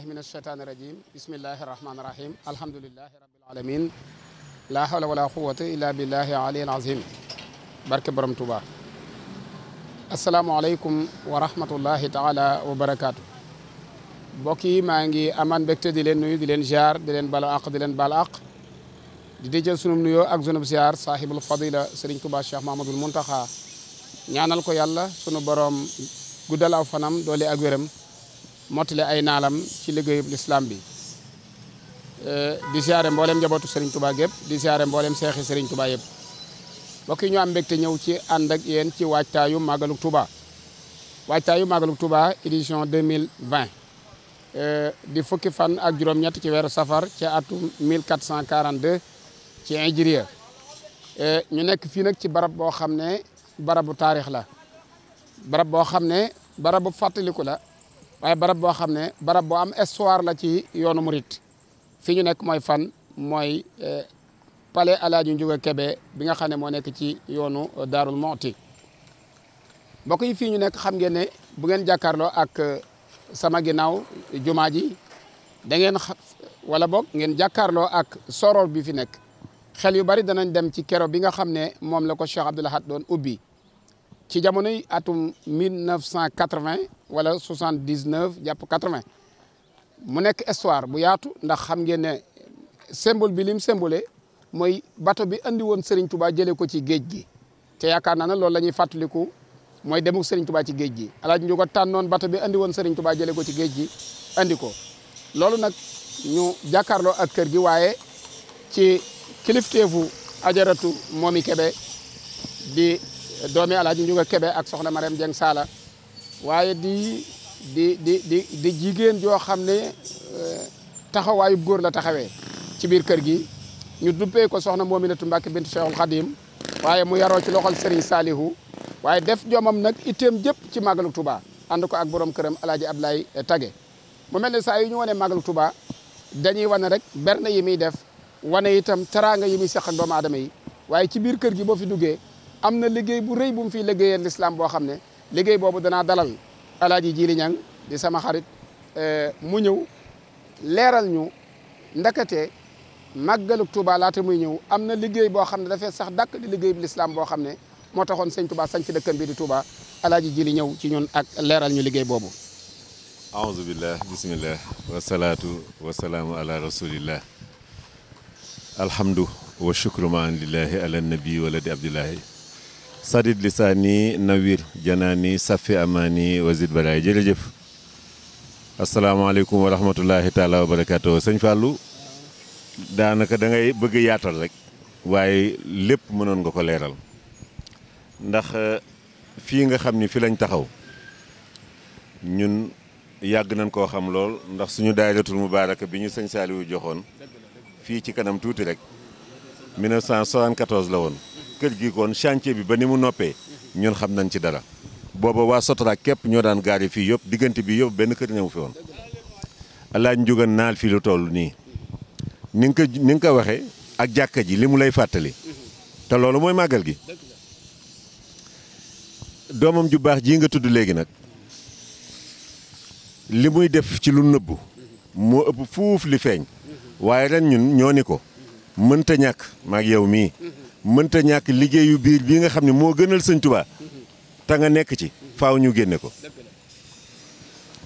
billahi min ashaytaani rajim bismillahi rahmaani rahim alhamdulilahi rabbil alamin laa hawla wala quwata illa billahi ali alazim barke borom Tuuba asalaamualeykum wa rahmatullahi taala wa barakaatu mbokk yi maa ngi amaan mbégte di leen nuyu di leen ziar di leen balo aq di leen bal aq di déjël sunum nuyoo ak sunub ziar sahibul fadila Serigne Touba Cheikh Mahmadul Muntaxa ñaanal ko yàlla sunu borom guddal aw fanam doole ak wéram mottali ay naalam ci liggéeyub lislaam bi eh, di siyaare mboolem njabootu Serigne Touba gépp di siyaare mboolem seexi Serigne Touba yëpp mbokk yi ñu am mbégte ñëw ci ànd ak yéen ci waajtaayu Magalou Touba waajtaayu Magalou Touba édition 2020 eh, di fukki fan ak juróom-ñett ci weeru safar ci atum 1442 ci hijriya eh, ñu nekk fii nag ci barab boo xam ne barabu taarix la barab boo xam ne barabu fàttaliku la. ay barab boo xam ne barab boo am histoire la ci yoonu murit fi ñu nekk mooy fan mooy eh, palais Alaaji Njuga Kebe bi nga xam ne moo nekk ci yoonu eh, Daarul Mooti mbokk yi fii ñu nekk xam ngeen ne bu ngeen jàkkaarloo ak eh, sama ginnaaw jumaa ji da ngeen wala boog ngeen jàkkaarloo ak soror bi fi nekk xel yu bari danañ dem ci kero bi nga xam ne moom la ko Cheikh Abdoul Ahad doon ubbi ci jamonoy atum 1980 wala soixante dix jàpp quatre vingt mu nekk histoire bu yaatu ndax xam ngeen ne symbole bi lim symbole mooy bato bi andi woon sëriñ Touba jëlee ko ci géej gi te yaakaar naa ne loolu la fàttaliku mooy demuk Serigne Touba ci géej gi alaaj ñu ko tànnoon bato bi andi woon Serigne Touba jëlee ko ci géej gi andi ko loolu nag ñu jàkkaarloo ak kër gi waaye ci kilifteefu ajaratu moomi Kebe di doomi alaaji Njuga Kebe ak soxna Mariam Jeng Saala waaye di di di di jigéen joo xam ne eh, taxawaayu góor la taxawee ci biir kër gi ñu duppee ko soxna Moominatu Mbàkke bint Cheikhul Khadim waaye mu yaroo ci loxol Serigne Salihu waaye def jomam nag itteem jëpp ci màggalu Touba ànd ko ak borom këram El Hadj Abdoulaye Tage mu mel ne saa yu ñu wane màggalu Touba dañuy wane rek berne yi muy def wane itam teraanga yi muy seq ak doomu aadama yi waaye ci biir kër gi boo fi duggee am na liggéey bu rëy bu mu fiy liggéeyee boo xam ne. liggéey boobu danaa dalal alaaji Jili Ñang di sama xarit eh, mu ñëw leeral ñu ndakate màggalu Touba laata muy ñëw am na liggéey boo xam ne dafay sax dàkk di liggéey bu lislaam boo xam ne moo taxoon sëñ Touba sañ ci dëkkam bi di Touba alaaji Jili ñëw ci ñun ak leeral ñu liggéey boobu aouzu billah bismillah wasalaatu wasalaamu ala rasulillah alhamdu wa shukru maan lillahi ala nabi waladi abdullahi sadid lisaani nawir janaani safi amaani wazid balaay jërëjëf asalaamaaleykum wa rahmatullahi taala wa barakaatu sëñ Fallou daanaka da ngay bëgg yaatal rek waaye lépp mënoon nga ko leeral ndax eh, fii nga xam ni fi lañ taxaw ñun yàgg nañ koo xam lool ndax suñu daayiratul mubaaraka bi ñu sëñ Saaliwu joxoon fii ci kanam tuuti rek 1974 la woon kër gi kon bi ba ni mu noppee ñun xam nañ ci dara booba waa Sotrac képp ñoo daan gaari fii yëpp diggante bi yëpp benn kër ñëw fi woon alaaj njugan naal fii lu toll nii ni nga ko ni nga ko ak jàkka ji li mu lay fàttali te loolu mooy màggal gi doomam ju baax ji nga tudd léegi nag li muy def ci lu nëbbu moo ëpp fuuf li feeñ waaye ren ñun ñoo ni ko mënta ñàkk maag yow mii mënta ñàkk liggéeyu biir bii nga xam ne moo gënal sëñ tubaa te nga nekk ci faaw ñu génne ko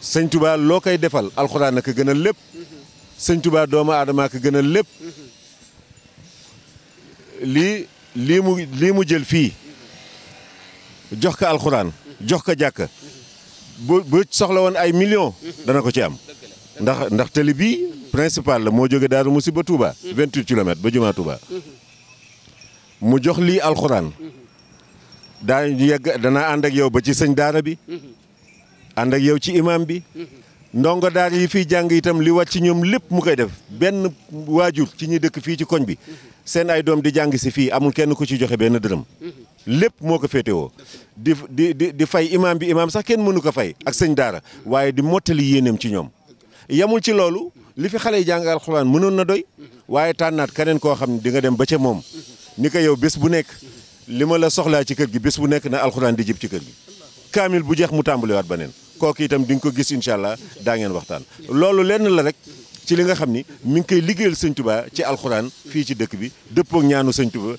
sëñ tubaa loo koy defal alxuraan ak gënal lépp sëñ tubaa doomu aadama ak gënal lépp lii lii mu lii mu jël fii jox ko alxuraan jox ko jàkka bu bu soxla woon ay millions dana ko ci am ndax ndax tali bii principal la moo jóge Daaru Musi ba Touba 28 kilomètres ba jumaa Touba mu jox lii alxuraan daa yegg danaa ànd ak yow ba ci sëñ daara bi ànd ak yow ci imam bi ndongo daara yi fiy jàng yitam li wàcc ci ñoom lépp mu koy def benn waajur ci ñu dëkk fii ci koñ bi seen ay doom di jàng si fii amul kenn ku ci joxe benn dërëm lépp moo ko féetewoo di di di fay imam bi imam sax kenn mënu ko fay ak sëñ daara waaye di mottali yéeneem ci ñoom yamul ci loolu li fi xale yi jàng alxuraan mënoon na doy waaye tànnaat keneen koo xam ne di nga dem ba ca moom ni ko yow bés bu nekk li ma la soxlaa ci kër gi bés bu nekk na alxuraan di jib ci kër gi kaamil bu jeex mu tàmbaliwaat beneen kooku itam di nga ko gis incha allah daa ngeen waxtaan loolu lenn la rek ci li nga xam ni mi ngi koy liggéeyal sëñ Tuubaa ci alxuraan fii ci dëkk bi dëppook ñaanu sëñ Tuubaa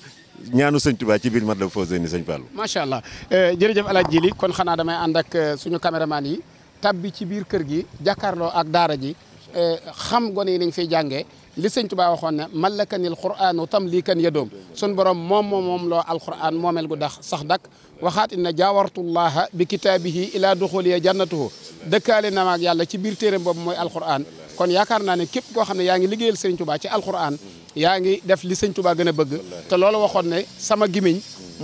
ñaanu sëñ Tuubaa ci biir mat la fausé ni sëñ Fallou macha allah eh, jërëjëf El jii li kon xanaa damay ànd ak eh, suñu caméraman yi tab bi ci biir kër gi jàkkaarloo ak daara ji eh, xam gone yi nañ fay jàngee li sëñ Tuubaa waxoon ne mallakanil qur'aanu tamlikan yadoom sun borom moom moom moom loo moom moomel gu dax sax dak waxaat inna jaawartullaha bi kitaabihi ilaa duxuliya jannatuhu dëkkaale na maag yàlla ci biir téeram boobu mooy alqur'an kon yaakaar naa ne képp koo xam ne yaa ngi liggéeyal sëñ Tuubaa ci alqur'an yaa ngi def li sëñ Touba gën a bëgg te loolu waxoon ne sama gimiñ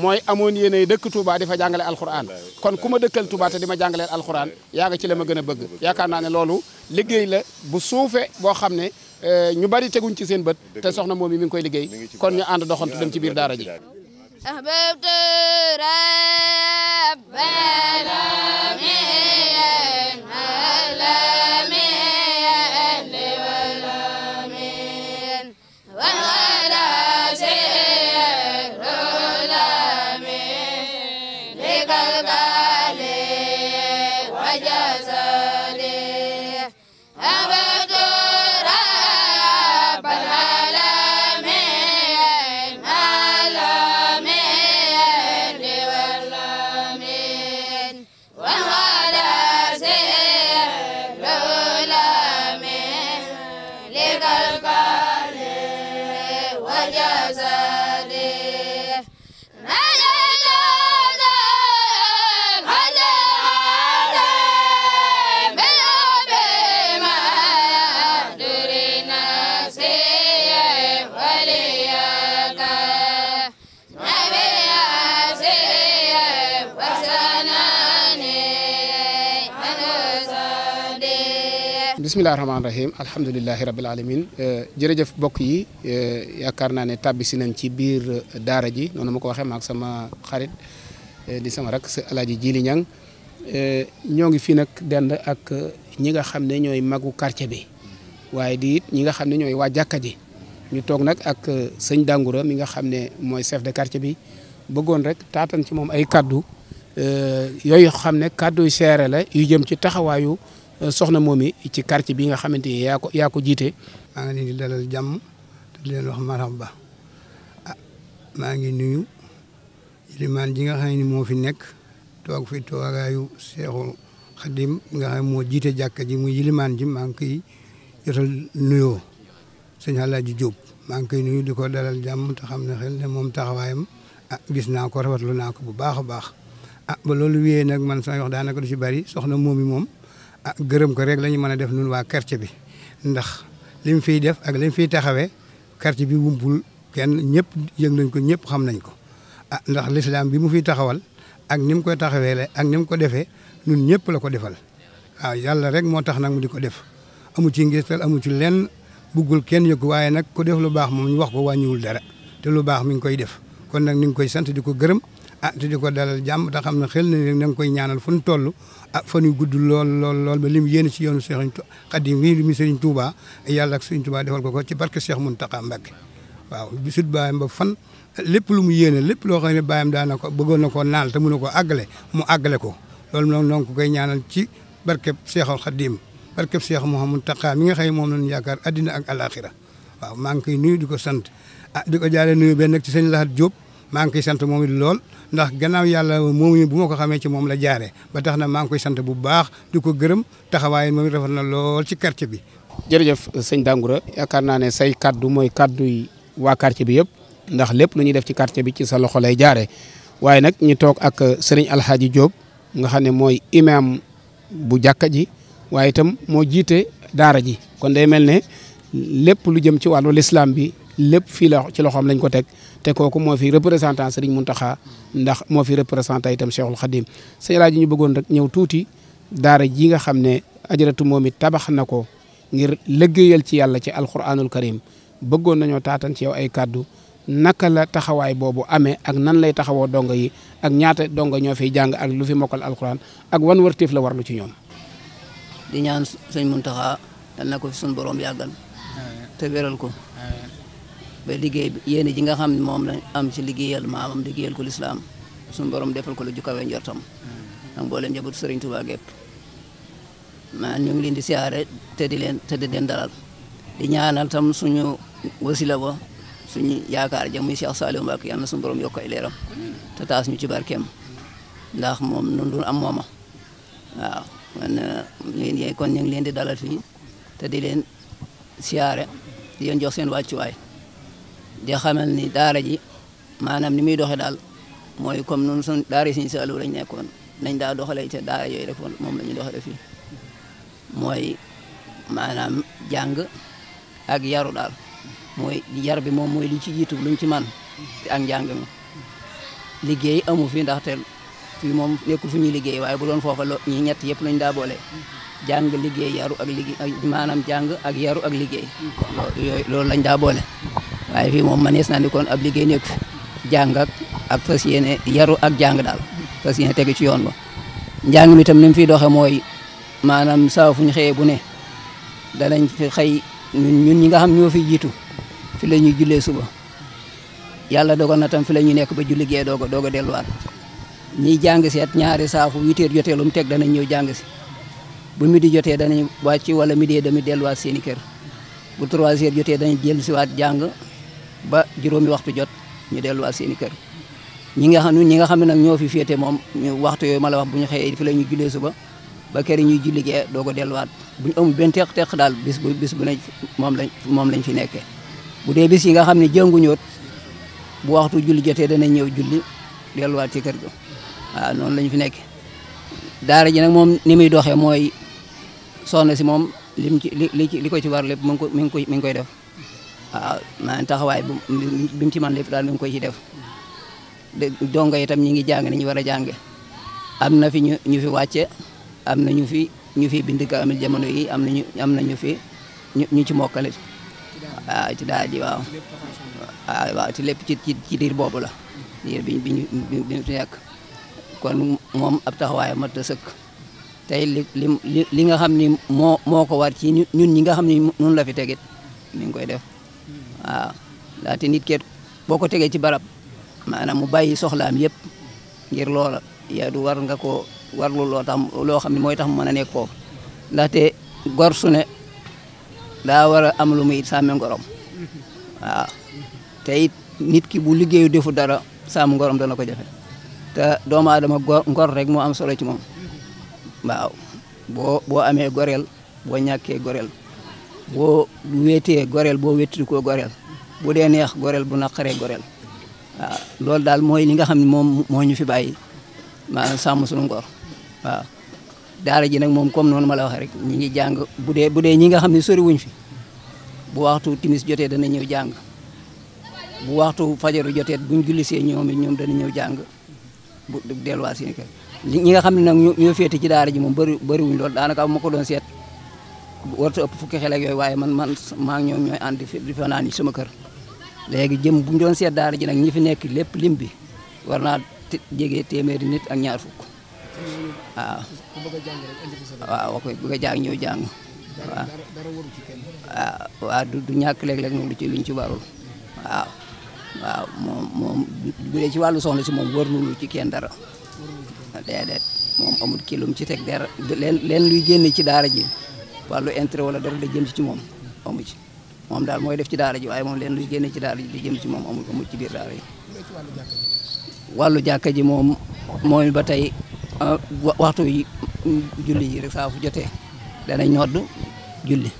mooy amoon yéene dëkk Touba di fa jàngale alxuraan kon ku ma dëkkal Touba te di ma jàngaleel alxuraan yaa ngi ci la ma gën a bëgg yaakaar naa ne loolu liggéey la bu suufee boo xam ne eh, ñu bari teguñ ci seen bët te soxna moom yi mi ngi koy liggéey kon ñu ànd doxantu dem ci biir daara ji أحببت ربنا bisimilah rahmaani rahim alhamdulilahi rabil alamin eh, jërëjëf mbokk yi eh, yaakaar naa ne tàbbisi nañ ci biir eh, daara ji noonu ma ko waxee maak sama xarit di sama rak sa alaaji Jili Ñang ñoo ngi fii nag dend ak ñi nga xam ne ñooy magu quartier bi waaye di it ñi nga xam ne ñooy waa jàkka ji ñu toog nag ak sëñ Dàngura mi nga xam ne mooy chef de quartier bi bëggoon rek taatan ci moom ay kaddu yooyu xam ne kaddu yu seere la yu jëm ci taxawaayu. Euh, soxna moom yi ci quartier bi nga xamante ni yaa ko yaa jiite. maa ngi leen dalal jàmm di leen wax ba ah maa ngi nuyu limaan ji nga xam ne moo fi nekk toog fi toogaayu seexul xadim nga xam moo jiite jàkka ji muy limaan ji maa ngi koy jotal nuyoo sëñ Alaaji Jóob maa ngi koy nuyu di ko dalal jàmm te xam ne xel ne moom taxawaayam ah gis naa ko rafetlu naa ko bu baax a baax ah ba loolu wéyee nag man sama wax daanaka du ci bari soxna moomi moom ah gërëm ko rek la ñu mën a def nun waa quartier bi ndax li mu fiy def ak li fi fiy taxawee quartier bi wumpul kenn ñëpp yëg nañ ko ñëpp xam nañ ko ah ndax l'islam bi mu fi taxawal ak ni mu koy taxawee la ak ni mu ko defee nun ñëpp la ko defal waaw ah, yàlla rek moo tax nag mu di ko def amu ci ngistal amu ci lenn buggul kenn yëg waaye nag ku def lu baax moom ñu wax ko wàññiwul dara te lu baax mu ngi koy def kon nag ni ngi koy sant di ko gërëm ah te di ko dalal jàmm te xam ne xel na ne da nga koy ñaanal fu nu toll ah fan yu gudd lool lool lool ba lim yéene ci yoonu Serigne Khadim mi mi Serigne Touba yàlla ak Serigne Touba defal ko ko ci barke Cheikh Mountakha Mbacké waaw bisut baayam ba fan lépp lu mu yéene lépp loo xam ne baayam daan na ko bëggoon na koo naal te mën àggale mu àggale ko loolu noonu noonu ko koy ñaanal ci barkeb Cheikhul Khadim barkeb Cheikh Mouhamadou Takha mi nga xëy moom lañu yaakaar addina ak alaxira waaw maa ngi koy nuyu di ko sant ah di ko jaaree nuyu benn ci sëñ Lahat Diop maa ngi koy sant moom lool ndax gannaaw yàlla moomuñu bu ma ko xamee ci moom la jaaree ba tax na maa ngi koy sant bu baax di ko gërëm taxawaay moom rafet na lool ci quartier bi. jërëjëf sëñ Dangoura yaakaar naa ne say kaddu mooy kaddu waa quartier bi yëpp ndax lépp lu ñuy def ci quartier bi ci sa loxo lay jaare waaye nag ñu toog ak sëriñ Alhaji Diop nga xam ne mooy imam bu jàkka ji waaye itam moo jiite daara ji kon day mel ne lépp lu jëm ci wàllu lislaam bi. lépp fii la ci loxoom lañ ko teg te kooku moo fi représentant mun Mountakha ndax moo fi représentant itam Cheikhul Khadim sëñ Alaaji ñu bëggoon rek ñëw tuuti daara ji nga xam ne ajaratu moom it tabax na ko ngir liggéeyal ci yàlla ci alquranul bëggoon nañoo taatan ci yow ay kàddu naka la taxawaay boobu amee ak nan lay taxawoo donga yi ak ñaata donga ñoo fiy jàng ak lu fi mokkal alquran ak wan wërtiif la warlu ci ñoom. di ñaan sëñ Mountakha dal na ko fi te wéral ko. ba liggéey bi yéen ji nga xam ne moom la am ci liggéeyal maamam liggéeyal ko lislaam suñu borom defal ko lu jukkawee njortam ak mboolem njabootu Sëriñ Tuubaa gépp maa ñu ngi leen di siyaare te di leen te di leen dalal di ñaanal tam suñu wasila ba suñu yaakaar ja muy Cheikh Saliou Mbacké yal na suñu borom yokk ay leeram te taas ñu ci barkeem ndax moom nun dun am euh, kon ñu leen di dalal fii te di leen siyaare di leen jox seen wàccuwaay di xamal ni daara ji maanaam ni muy doxee daal mooy comme noonu sun daara yi suñu saalu lañ nekkoon nañ daa doxalee te daara yooyu rek moom la ñuy doxalee fii maanaam jàng ak yaru daal mooy yar bi moom mooy li ci jiitu luñ ci man ak njàng liggéey amu fi ndaxte fii moom nekkul fu ñuy liggéey waaye bu doon foofa lo ñi ñett yëpp lañ daa boole jàng liggéey yaru ak liggéey maanaam jàng ak yaru ak liggéey loolu lañ daa boole waaye fii moom manees naa ni kon ab liggéey nekk fi ak ak yéene yaru ak jàng daal fas yéene tegu ci yoon ba njàng mi tam ni mu fiy doxee mooy maanaam saa fu ñu xëyee bu ne danañ fi xëy ñun ñi nga xam ñoo fi jiitu fi la ñuy jullee suba yàlla dogal na tam fi la ñuy nekk ba julli gee doog a doog a delluwaat ñiy jàng si at ñaari saafu huit jotee lu mu teg danañ ñëw jàng si bu midi jotee danañ wàcc wala midi demi delluwaat seen i kër bu trois heures jotee danañ jël si jàng ba juróomi waxtu jot ñu delluwaat seeni kër ñi nga xam ñi nga xam ne nag ñoo fi féete moom waxtu yooyu mala la wax bu ñu xëyee fi la ñu jullee suba ba kër yi ñuy julli gee doo ko delluwaat bu ñu amul benn teq-teq daal bis bu bis bu ne moom lañ moom lañ fi nekkee bu dee yi nga xam ne jënguñoot bu waxtu julli jotee danañ ñëw julli delluwaat ci kër ga waaw noonu lañ fi nekk daara ji nag moom ni muy doxee mooy soxna si moom lim ci li li ko ci war lépp mi ngi ko mi ngi koy def waaw ah, maanaam taxawaay bu bi mu ci mën lépp daal mi koy ci def dongo itam ñi ngi jàng ni ñu war a jànge am na fi ñu ñu fi wàcce am na ñu fi ñu fi bind kaamil jamono yi am na ñu am na ñu fi ñu ci mokkale waaw ah, ci daal ji waaw waaw ah, waaw ci lépp ci ci diir boobu la diir bi bi ñu fi nekk kon moom ab taxawaay mat a sëkk tey li li li nga xam ni moo moo ko war ci ñun ñi nga xam ni nun la fi tegit mi koy def waaw ndaxte nit keet boo ko tegee ci barab maanaam mu bàyyi soxlaam yëpp ngir loola yaa du war nga ko warlu loo tax loo xam ne mooy tax mu mën a nekk foofu ndaxte gor su ne daa war a am lu muy sàmme ngorom waaw te it nit ki bu liggéeyu defu dara sàmm ngorom dana ko jafe te doomu aadama ngor rek mu am solo ci moom waaw boo boo amee goreel boo ñàkkee goreel boo wéetee goreel boo wéttili ko goreel bu dee neex goreel bu naqaree goreel waaw loolu daal mooy li nga xam ne moom moo ñu fi bàyyi maanaam sàmm sunu ngor waaw daara ji nag moom comme noonu ma la waxee rek ñi ngi jàng bu dee dee ñi xam ne soriwuñ fi bu waxtu timis jotee dana ñëw jàng bu waxtu fajaru jotee buñ jullisee ñoom it ñoom dana ñëw jàng bu delluwaat seen kër ñi nga xam ne nag ñoo féete ci daara ji moom bari bëriwuñ lool daana ma ko doon seet warta ëpp fukki xel yooyu waaye man man maa ngi ñoom di fa naan sama kër léegi jëm bu ñu doon seet daara ji nag ñi fi nekk lépp lim bi war naa jege téeméeri nit ak ñaar fukk waaw waaw koy bëgg du ñàkk léeg-léeg moom lu ci luñ ci warul waaw waaw moom moom bu dee ci soxna si moom war lu ci kenn dara déedéet moom amul kilum ci teg dara leen leen luy génn ci daara ji wàllu intérêt wala dara la jëm ci ci moom amu ci moom daal mooy def ci daara ji waaye moom leen lu génne ci daara ji di jëm ci moom amu amu ci biir daara yi wàllu jàkka ji moom mooy ba tey ah, waxtu yi julli ji rek saa jotee dana ñodd julli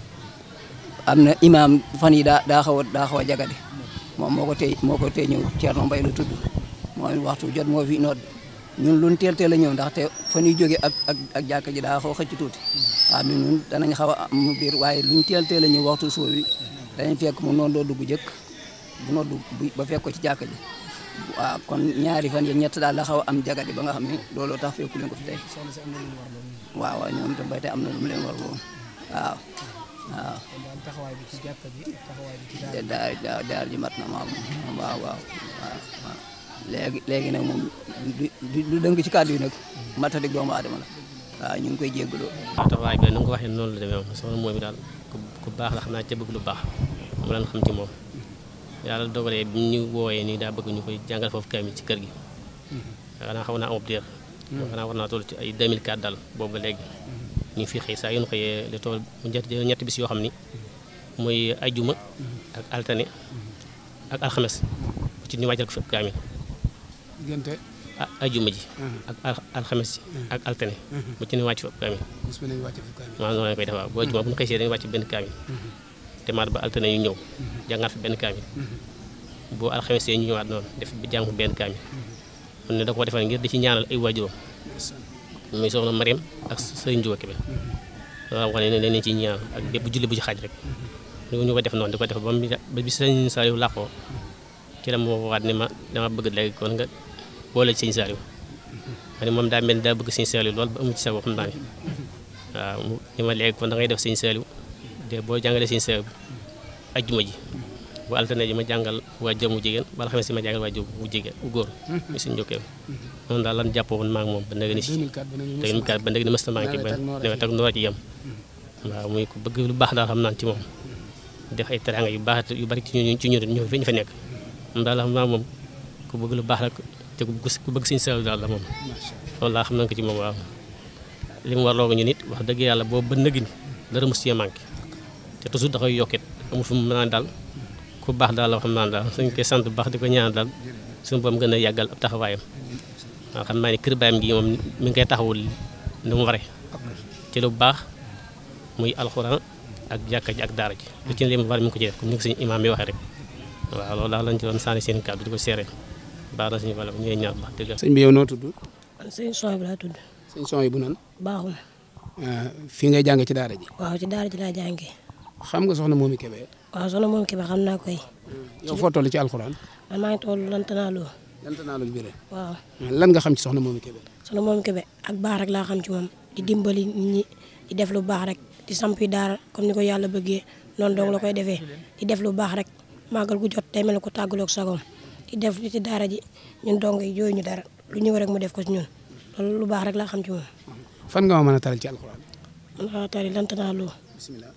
am na imaam fan yi daa daa xaw a daa xaw a jagade moom moo ko tey moo ko tey ñëw Thierno Mbaye la tudd mooy waxtu jot moo fi nodd ñun luñ teel teel a ñëw ndaxte fa ñuy jógee ak ak ak jàkka ji daa xaw xëcc tuuti mm-hmm. waaw mais ñun danañ xaw a am biir waaye luñ teel teel a ñëw waxtu soo bi mm-hmm. danañ fekk mu noonu doo dugg jëkk bu noonu dugg ba fekk ko ci jàkka ji waaw kon ñaari fan ya ñett daal la xaw a am jagadi ba nga xam ne looloo tax fekku leen ko fi tey waaw waaw ñoom itam béykat am na lu mu leen war lool waaw. waaw taxawaay bi ci jàkka ji taxawaay bi ci daara ji mat na waaw waaw waaw. léegi léegi nag moom du dëng ci kàddu yi nag matadik doomu adama la waaw ñu ngi koy jéggaloo taxawaay waa na nga ko waxee noonu la demee moom soxna mooy bi ku baax la xam naa ca lu baax mu lan xam ci moom yàlla dogalee bi ñu wooyee nii daa bëgg koy jàngal foofu mi ci kër gi mhm. xanaa xaw naa amub diir mhm. xanaa war naa toll ci ay 2004 daal boobu léegi mhm. ñu fi xëy saa yu ñu xëyee li tool ñetti bis yoo xam ni muy ajuma ak altane ak alxames ci ñu wàjjal ko fépp kaamil diggante ajuma ji ak alxames ji ak altine mu ci ne wàcc foofu kaamil ma noonu lañ koy def waaw bu ajuma bu ñu dañuy wàcc benn kaamil te maat ba altine ñu ñëw jàngaat fi benn kaamil boo alxames yi ñu ñëwaat noonu def jàng benn kaamil mu ne da ko defal ngir di ci ñaanal ay waajuram muy soxna Mariam ak sëriñ Njuba Kebe loolu wax ne ci ñaanal ak bépp julli bu ci xaaj rek ñu ko def noonu di def ba bi sëriñ Saliou làqoo ci la ma waat ne ma dama bëgg léegi kon nga boole ci sëñ Saliou ma ne moom daa mel ni daa bëgg sëñ Saliou ba amu ci sax waxam ma léegi da ngay def sëñ Saliou de boo jàngalee sëñ Saliou ajjuma ji bu altine ji ma jàngal waa jëm wu jigéen wala xam ne si ma jàngal waa góor mi suñ jokkee noonu daal lan jàppoon maa moom ba nag si te ba nag ni mësta maa ngi ci ba nawet ak noor waaw muy ko bëgg lu baax daal xam naan ci moom def ay teraanga yu baax yu bari ci ñu ñu ñu fi ñu fa nekk moom daal xam naa moom ku bëgg lu baax rek te ku bëgg sëñ Saliou daal la moom loolu laa xam nañ ko ci moom waaw li mu war looga ñu nit dëgg yàlla boobu ba nëgg ni dara mos cee manqué te toujours da koy yokkit amul fu ku baax daal la xam naa daal suñ baax di ko ñaan daal suñu boom gën a yàggal ab taxawaayam waaw xam naa ne kër baayam gi moom mi ngi koy taxawul ni mu waree ci lu baax muy alxuraan ak jàkka ji ak daara ji lu ci li mu war mi ngi ko ci def comme ni ko suñu imaam yi waxee rek waaw loolu daal lañ ci doon sànni seen kàddu di ko seeree daara suñu Fallu ñooy ñaar wax bi yow noo tudd sëñ bi laa tudd sëñ son yi bu nan baaxul ah, fii ngay jàng ci daara ji waaw ci daara ji laa jàngee xam nga soxna Momy Kébé waaw soxna Momy Kébé xam naa koy ah, yow foo toll ci alxuraan man maa ngi toll lantanaa loo lantanaa loo bi waaw ah, lan nga xam ci soxna Momy Kébé soxna Momy Kébé ak baax rek laa xam ci moom di dimbali ñi di def lu baax rek di sampi daara comme ni ko yàlla bëggee noonu dong la koy defee di def lu baax rek màggal gu jot day mel ne ko tàggaloog sagoom def li ci daara ji ñun dong yi jooyu ñu dara lu ñëw rek mu def ko ci ñun loolu lu baax rek laa xam ci moom. fan nga ma mën a taal ci alxuraan. man xaaral taal lan tanaalu. bisimilah.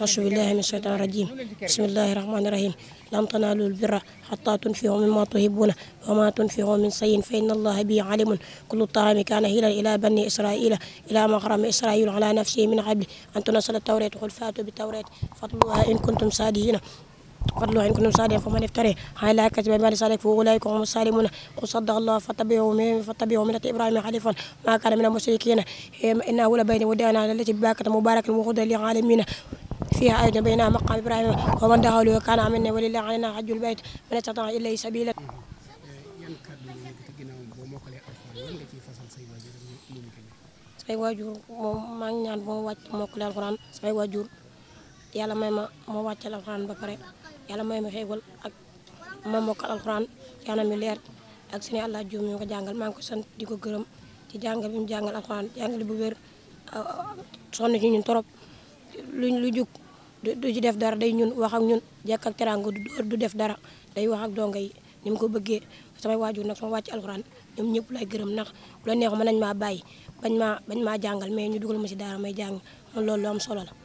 auzu billaahi mina shaytaani rajiim. bismillaahi rahmaani rahiim. lan tanaalu l-birra hattaa tunfiquu mimmaa tuhibbuuna wa maa tunfiquu min shay'in fa inna llaaha bihi aliimun. kullu t-ta'aami kaana hilan ilaa banii israa'iila ilaa maa harrama israa'iilu alaa nafsihi min qabli an tunazzala t-tawraatu. qul fa'tuu bi t-tawraati fatluuhaa in kuntum saadiqiina فضلوا إن كنتم صادقين فمن افتري على كذب المال صادق فأولئك هم الصالمون قل صدق الله فاتبعوا من فاتبعوا ملة إبراهيم حنيفا ما كان من المشركين إنه لبين ودانا التي بباكة مبارك وهدى للعالمين فيها أيضا بينها مقام إبراهيم ومن دخله كان آمنا ولله علينا حج البيت من استطاع إليه سبيلا samay waajur moom maa ngi ñaan boo wàcc mokkale alxuraan samay waajur yàlla may ma moo wàccal alxuraan ba pare yàlla may ma xéewal ak ma mokkal alxuraan yàlla mi leer ak sëñ Alla Juum ñu ko jàngal maa ngi ko sant di ko gërëm ci jàngal bi mu jàngal alxuraan jàngal bu wér ah, sonn ci ñun trop luñ lu jug du ci def dara day ñun wax ak ñun jekk ak du def dara day wax ak donga yi ni mu ko bëggee samay waajur nag sama wàcc alxuraan ñoom ñëpp lay gërëm ndax bu la neexoon mën nañ maa bàyyi bañ maa bañ maa jàngal mais ñu dugal ma si daara may jàng man loolu lu am solo la